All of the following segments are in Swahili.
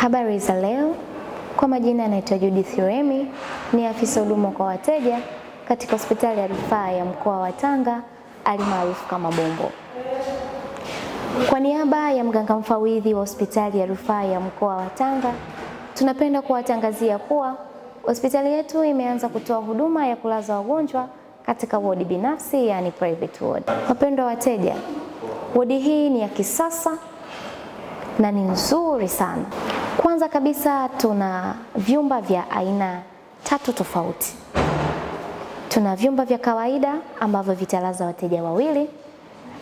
Habari za leo. Kwa majina anaitwa Judith Remi, ni afisa huduma kwa wateja katika hospitali ya rufaa ya mkoa wa Tanga alimaarufu kama Bombo. Kwa niaba ya mganga mfawidhi wa hospitali ya rufaa ya mkoa wa Tanga, tunapenda kuwatangazia kuwa hospitali yetu imeanza kutoa huduma ya kulaza wagonjwa katika wodi binafsi, yani private ward. Wapendwa wateja, wodi hii ni ya kisasa na ni nzuri sana. Kwanza kabisa tuna vyumba vya aina tatu tofauti. Tuna vyumba vya kawaida ambavyo vitalaza wateja wawili,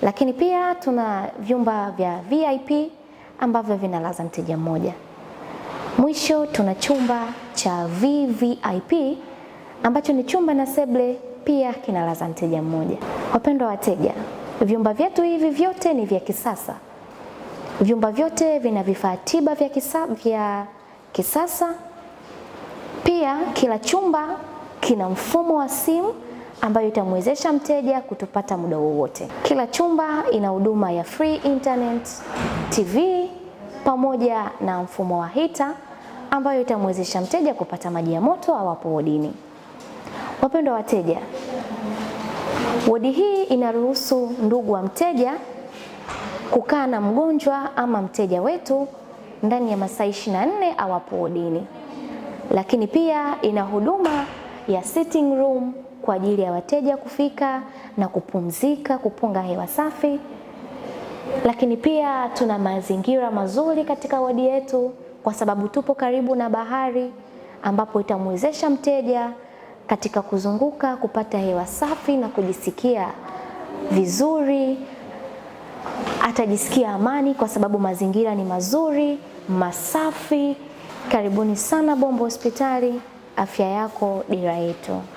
lakini pia tuna vyumba vya VIP ambavyo vinalaza mteja mmoja. Mwisho tuna chumba cha VVIP ambacho ni chumba na seble pia kinalaza mteja mmoja. Wapendwa wateja, vyumba vyetu hivi vyote ni vya kisasa Vyumba vyote vina vifaa tiba vya, kisa, vya kisasa. Pia kila chumba kina mfumo wa simu ambayo itamwezesha mteja kutupata muda wowote. Kila chumba ina huduma ya free internet, TV pamoja na mfumo wa hita ambayo itamwezesha mteja kupata maji ya moto awapo wodini. Wapendwa wateja, wodi hii inaruhusu ndugu wa mteja kukaa na mgonjwa ama mteja wetu ndani ya masaa 24 awapo wodini. Lakini pia ina huduma ya sitting room kwa ajili ya wateja kufika na kupumzika, kupunga hewa safi. Lakini pia tuna mazingira mazuri katika wodi yetu kwa sababu tupo karibu na bahari ambapo itamwezesha mteja katika kuzunguka kupata hewa safi na kujisikia vizuri atajisikia amani kwa sababu mazingira ni mazuri, masafi. Karibuni sana Bombo Hospitali, afya yako dira yetu.